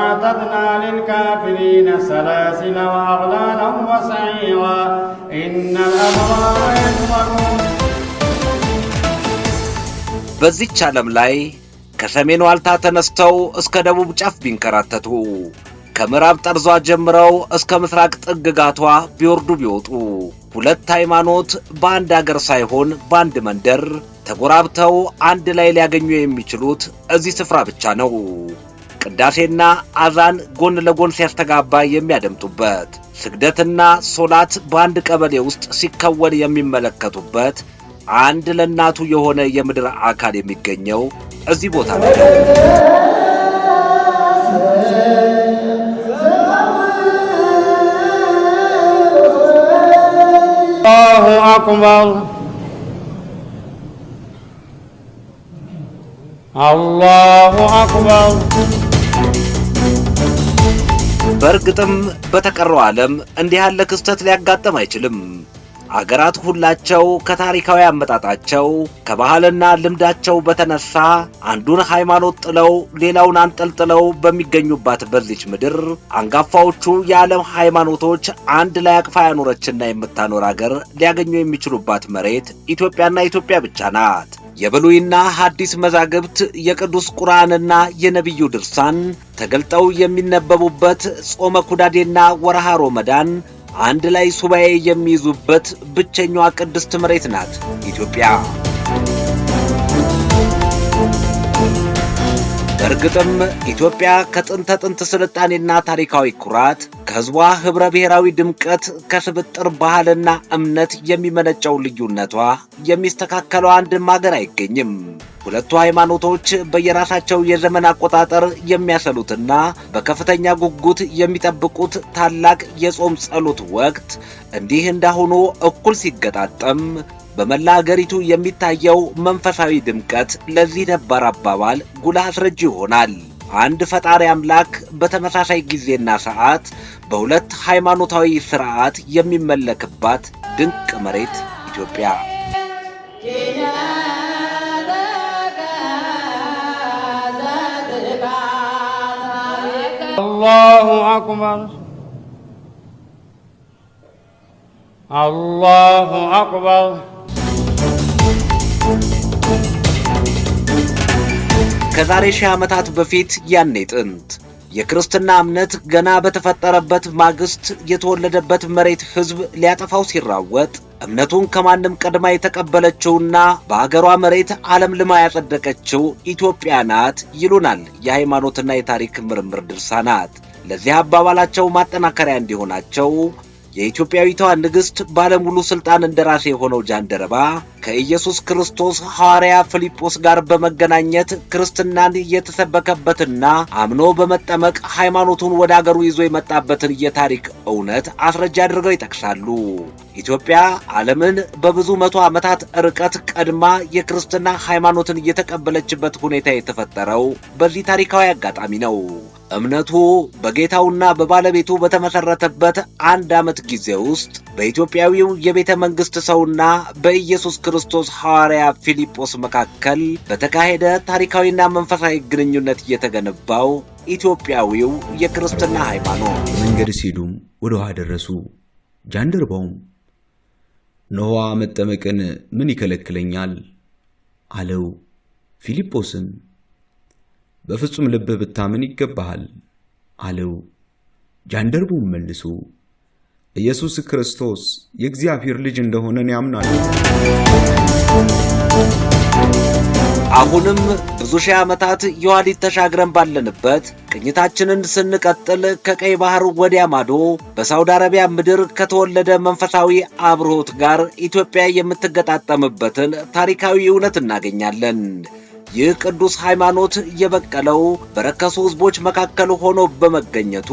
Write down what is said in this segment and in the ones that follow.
أعتدنا للكافرين سلاسل وأغلالا وسعيرا إن الأبرار በዚች ዓለም ላይ ከሰሜን ዋልታ ተነስተው እስከ ደቡብ ጫፍ ቢንከራተቱ ከምዕራብ ጠርዟ ጀምረው እስከ ምስራቅ ጥግጋቷ ቢወርዱ ቢወጡ ሁለት ሃይማኖት በአንድ አገር ሳይሆን በአንድ መንደር ተጎራብተው አንድ ላይ ሊያገኙ የሚችሉት እዚህ ስፍራ ብቻ ነው። ቅዳሴና አዛን ጎን ለጎን ሲያስተጋባ የሚያደምጡበት፣ ስግደትና ሶላት በአንድ ቀበሌ ውስጥ ሲከወን የሚመለከቱበት አንድ ለእናቱ የሆነ የምድር አካል የሚገኘው እዚህ ቦታ ነው። አላሁ አክበር አላሁ አክበር። በእርግጥም በተቀረው ዓለም እንዲህ ያለ ክስተት ሊያጋጥም አይችልም። አገራት ሁላቸው ከታሪካዊ አመጣጣቸው ከባህልና ልምዳቸው በተነሳ አንዱን ሃይማኖት ጥለው ሌላውን አንጠልጥለው በሚገኙባት በዚች ምድር አንጋፋዎቹ የዓለም ሃይማኖቶች አንድ ላይ አቅፋ ያኖረችና የምታኖር አገር ሊያገኙ የሚችሉባት መሬት ኢትዮጵያና ኢትዮጵያ ብቻ ናት። የብሉይና ሐዲስ መዛግብት የቅዱስ ቁርአንና የነቢዩ ድርሳን ተገልጠው የሚነበቡበት ጾመ ኩዳዴና ወረሃ ሮመዳን አንድ ላይ ሱባኤ የሚይዙበት ብቸኛዋ ቅድስት መሬት ናት ኢትዮጵያ። በእርግጥም ኢትዮጵያ ከጥንተ ጥንት ስልጣኔና ታሪካዊ ኩራት ከሕዝቧ ኅብረ ብሔራዊ ድምቀት ከስብጥር ባህልና እምነት የሚመነጨው ልዩነቷ የሚስተካከለው አንድም አገር አይገኝም። ሁለቱ ሃይማኖቶች በየራሳቸው የዘመን አቆጣጠር የሚያሰሉትና በከፍተኛ ጉጉት የሚጠብቁት ታላቅ የጾም ጸሎት ወቅት እንዲህ እንዳሆኖ እኩል ሲገጣጠም በመላ አገሪቱ የሚታየው መንፈሳዊ ድምቀት ለዚህ ነባር አባባል ጉልህ አስረጅ ይሆናል። አንድ ፈጣሪ አምላክ በተመሳሳይ ጊዜና ሰዓት በሁለት ሃይማኖታዊ ስርዓት የሚመለክባት ድንቅ መሬት ኢትዮጵያ አላሁ አክበር አላሁ አክበር። ከዛሬ ሺህ ዓመታት በፊት ያኔ ጥንት የክርስትና እምነት ገና በተፈጠረበት ማግስት የተወለደበት መሬት ሕዝብ ሊያጠፋው ሲራወጥ እምነቱን ከማንም ቀድማ የተቀበለችውና በአገሯ መሬት ዓለም ልማ ያጸደቀችው ኢትዮጵያ ናት ይሉናል የሃይማኖትና የታሪክ ምርምር ድርሳናት። ለዚህ አባባላቸው ማጠናከሪያ እንዲሆናቸው የኢትዮጵያዊቷ ንግሥት ባለሙሉ ሥልጣን እንደራሴ የሆነው ጃንደረባ ከኢየሱስ ክርስቶስ ሐዋርያ ፊልጶስ ጋር በመገናኘት ክርስትናን የተሰበከበትና አምኖ በመጠመቅ ሃይማኖቱን ወደ አገሩ ይዞ የመጣበትን የታሪክ እውነት አስረጃ አድርገው ይጠቅሳሉ። ኢትዮጵያ ዓለምን በብዙ መቶ ዓመታት ርቀት ቀድማ የክርስትና ሃይማኖትን እየተቀበለችበት ሁኔታ የተፈጠረው በዚህ ታሪካዊ አጋጣሚ ነው። እምነቱ በጌታውና በባለቤቱ በተመሰረተበት አንድ ዓመት ጊዜ ውስጥ በኢትዮጵያዊው የቤተ መንግሥት ሰውና በኢየሱስ ክርስቶስ ሐዋርያ ፊልጶስ መካከል በተካሄደ ታሪካዊና መንፈሳዊ ግንኙነት እየተገነባው ኢትዮጵያዊው የክርስትና ሃይማኖት መንገድ ሲሄዱም ወደ ውሃ ደረሱ። ጃንደርባውም ንሆ መጠመቅን ምን ይከለክለኛል? አለው። ፊልጶስን። በፍጹም ልብህ ብታምን ይገባሃል አለው። ጃንደርቡን መልሶ ኢየሱስ ክርስቶስ የእግዚአብሔር ልጅ እንደሆነን ያምናል። አሁንም ብዙ ሺህ ዓመታት የኋሊት ተሻግረን ባለንበት ቅኝታችንን ስንቀጥል ከቀይ ባህር ወዲያ ማዶ በሳውዲ አረቢያ ምድር ከተወለደ መንፈሳዊ አብርሆት ጋር ኢትዮጵያ የምትገጣጠምበትን ታሪካዊ እውነት እናገኛለን። ይህ ቅዱስ ሃይማኖት የበቀለው በረከሱ ሕዝቦች መካከል ሆኖ በመገኘቱ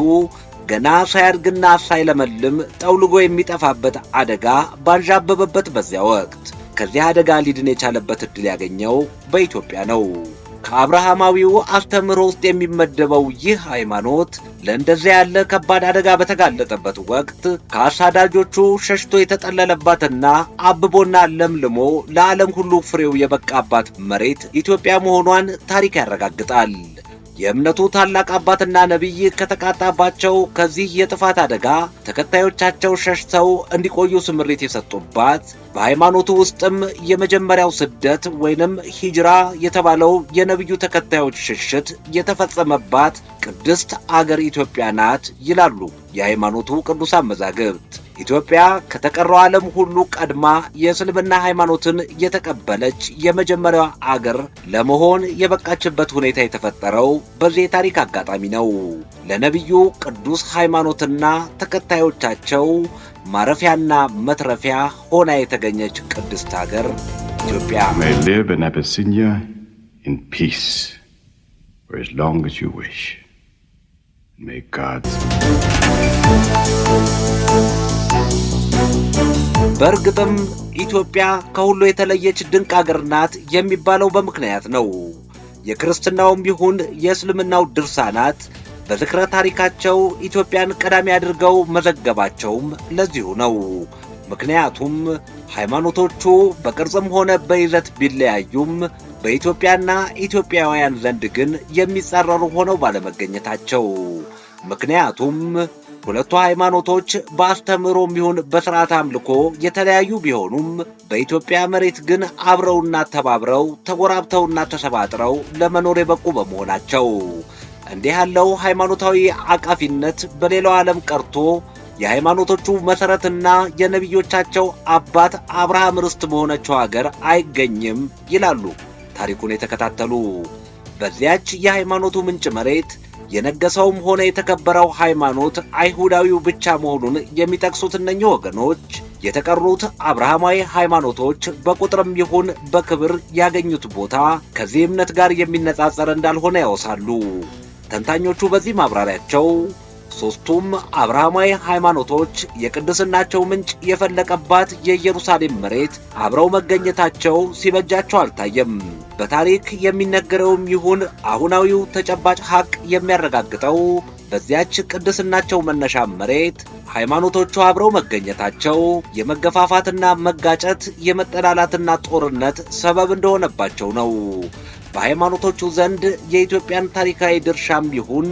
ገና ሳያድግና ሳይለመልም ጠውልጎ የሚጠፋበት አደጋ ባንዣበበበት በዚያ ወቅት ከዚህ አደጋ ሊድን የቻለበት ዕድል ያገኘው በኢትዮጵያ ነው። ከአብርሃማዊው አስተምህሮ ውስጥ የሚመደበው ይህ ሃይማኖት ለእንደዚያ ያለ ከባድ አደጋ በተጋለጠበት ወቅት ከአሳዳጆቹ ሸሽቶ የተጠለለባትና አብቦና ለምልሞ ለዓለም ሁሉ ፍሬው የበቃባት መሬት ኢትዮጵያ መሆኗን ታሪክ ያረጋግጣል። የእምነቱ ታላቅ አባትና ነቢይ ከተቃጣባቸው ከዚህ የጥፋት አደጋ ተከታዮቻቸው ሸሽተው እንዲቆዩ ስምሪት የሰጡባት በሃይማኖቱ ውስጥም የመጀመሪያው ስደት ወይንም ሂጅራ የተባለው የነቢዩ ተከታዮች ሽሽት የተፈጸመባት ቅድስት አገር ኢትዮጵያ ናት ይላሉ። የሃይማኖቱ ቅዱሳን መዛግብት ኢትዮጵያ ከተቀረው ዓለም ሁሉ ቀድማ የእስልምና ሃይማኖትን የተቀበለች የመጀመሪያ አገር ለመሆን የበቃችበት ሁኔታ የተፈጠረው በዚህ የታሪክ አጋጣሚ ነው። ለነቢዩ ቅዱስ ሃይማኖትና ተከታዮቻቸው ማረፊያና መትረፊያ ሆና የተገኘች ቅድስት ሀገር ኢትዮጵያ። ፒስ May God. በእርግጥም ኢትዮጵያ ከሁሉ የተለየች ድንቅ አገር ናት የሚባለው በምክንያት ነው። የክርስትናውም ይሁን የእስልምናው ድርሳናት በዝክረ ታሪካቸው ኢትዮጵያን ቀዳሚ አድርገው መዘገባቸውም ለዚሁ ነው። ምክንያቱም ሃይማኖቶቹ በቅርጽም ሆነ በይዘት ቢለያዩም በኢትዮጵያና ኢትዮጵያውያን ዘንድ ግን የሚጸረሩ ሆነው ባለመገኘታቸው ምክንያቱም ሁለቱ ሃይማኖቶች በአስተምሮ የሚሆን በስርዓት አምልኮ የተለያዩ ቢሆኑም በኢትዮጵያ መሬት ግን አብረውና ተባብረው ተጎራብተውና ተሰባጥረው ለመኖር የበቁ በመሆናቸው እንዲህ ያለው ሃይማኖታዊ አቃፊነት በሌላው ዓለም ቀርቶ የሃይማኖቶቹ መሠረትና የነቢዮቻቸው አባት አብርሃም ርስት በሆነችው ሀገር አይገኝም ይላሉ። ታሪኩን የተከታተሉ በዚያች የሃይማኖቱ ምንጭ መሬት የነገሰውም ሆነ የተከበረው ሃይማኖት አይሁዳዊው ብቻ መሆኑን የሚጠቅሱት እነኚህ ወገኖች የተቀሩት አብርሃማዊ ሃይማኖቶች በቁጥርም ይሁን በክብር ያገኙት ቦታ ከዚህ እምነት ጋር የሚነጻጸር እንዳልሆነ ያወሳሉ። ተንታኞቹ በዚህ ማብራሪያቸው ሦስቱም አብርሃማዊ ሃይማኖቶች የቅድስናቸው ምንጭ የፈለቀባት የኢየሩሳሌም መሬት አብረው መገኘታቸው ሲበጃቸው አልታየም። በታሪክ የሚነገረውም ይሁን አሁናዊው ተጨባጭ ሐቅ የሚያረጋግጠው በዚያች ቅድስናቸው መነሻ መሬት ሃይማኖቶቹ አብረው መገኘታቸው የመገፋፋትና መጋጨት የመጠላላትና ጦርነት ሰበብ እንደሆነባቸው ነው። በሃይማኖቶቹ ዘንድ የኢትዮጵያን ታሪካዊ ድርሻም ይሁን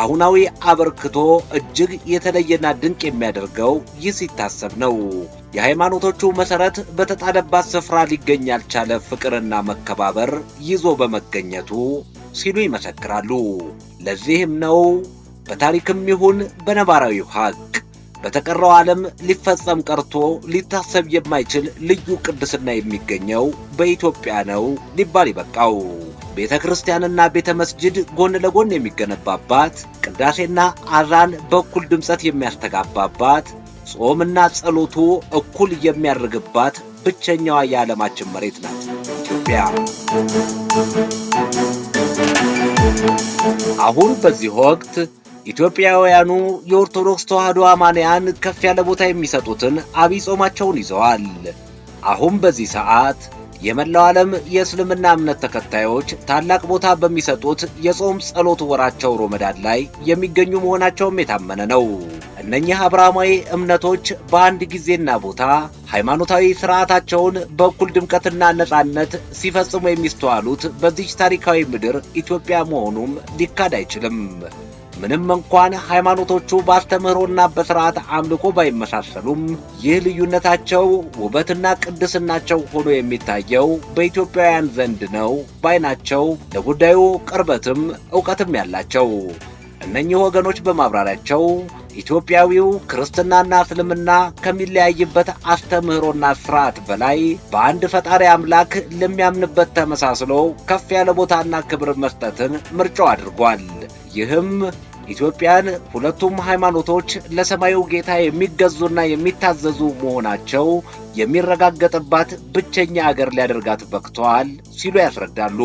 አሁናዊ አበርክቶ እጅግ የተለየና ድንቅ የሚያደርገው ይህ ሲታሰብ ነው። የሃይማኖቶቹ መሠረት በተጣለባት ስፍራ ሊገኝ ያልቻለ ፍቅርና መከባበር ይዞ በመገኘቱ ሲሉ ይመሰክራሉ። ለዚህም ነው በታሪክም ይሁን በነባራዊ ሀቅ በተቀረው ዓለም ሊፈጸም ቀርቶ ሊታሰብ የማይችል ልዩ ቅድስና የሚገኘው በኢትዮጵያ ነው ሊባል ይበቃው። ቤተ ክርስቲያንና ቤተ መስጅድ ጎን ለጎን የሚገነባባት፣ ቅዳሴና አዛን በኩል ድምፀት የሚያስተጋባባት፣ ጾምና ጸሎቱ እኩል የሚያደርግባት ብቸኛዋ የዓለማችን መሬት ናት ኢትዮጵያ። አሁን በዚህ ወቅት ኢትዮጵያውያኑ የኦርቶዶክስ ተዋሕዶ አማንያን ከፍ ያለ ቦታ የሚሰጡትን አብይ ጾማቸውን ይዘዋል። አሁን በዚህ ሰዓት የመላው ዓለም የእስልምና እምነት ተከታዮች ታላቅ ቦታ በሚሰጡት የጾም ጸሎት ወራቸው ሮመዳን ላይ የሚገኙ መሆናቸውም የታመነ ነው። እነኚህ አብርሃማዊ እምነቶች በአንድ ጊዜና ቦታ ሃይማኖታዊ ስርዓታቸውን በእኩል ድምቀትና ነጻነት ሲፈጽሙ የሚስተዋሉት በዚች ታሪካዊ ምድር ኢትዮጵያ መሆኑም ሊካድ አይችልም። ምንም እንኳን ሃይማኖቶቹ ባስተምህሮና በስርዓት አምልኮ ባይመሳሰሉም ይህ ልዩነታቸው ውበትና ቅድስናቸው ሆኖ የሚታየው በኢትዮጵያውያን ዘንድ ነው ባይናቸው ለጉዳዩ ቅርበትም እውቀትም ያላቸው እነኚህ ወገኖች በማብራሪያቸው ኢትዮጵያዊው ክርስትናና እስልምና ከሚለያይበት አስተምህሮና ስርዓት በላይ በአንድ ፈጣሪ አምላክ ለሚያምንበት ተመሳስሎ ከፍ ያለ ቦታና ክብር መስጠትን ምርጫው አድርጓል። ይህም ኢትዮጵያን ሁለቱም ሃይማኖቶች ለሰማዩ ጌታ የሚገዙና የሚታዘዙ መሆናቸው የሚረጋገጥባት ብቸኛ አገር ሊያደርጋት በቅተዋል ሲሉ ያስረዳሉ።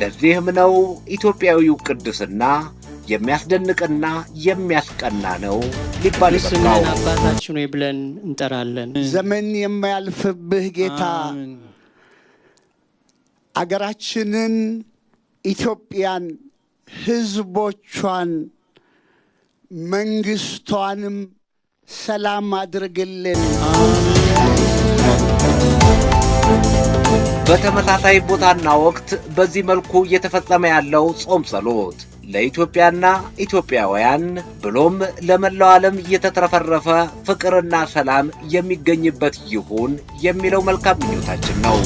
ለዚህም ነው ኢትዮጵያዊው ቅድስና የሚያስደንቅና የሚያስቀና ነው ሊባል አባታችን ወይ ብለን እንጠራለን። ዘመን የማያልፍብህ ጌታ አገራችንን ኢትዮጵያን ህዝቦቿን መንግስቷንም ሰላም አድርግልን። በተመሳሳይ ቦታና ወቅት በዚህ መልኩ እየተፈጸመ ያለው ጾም ጸሎት ለኢትዮጵያና ኢትዮጵያውያን ብሎም ለመላው ዓለም እየተትረፈረፈ ፍቅርና ሰላም የሚገኝበት ይሁን የሚለው መልካም ምኞታችን ነው።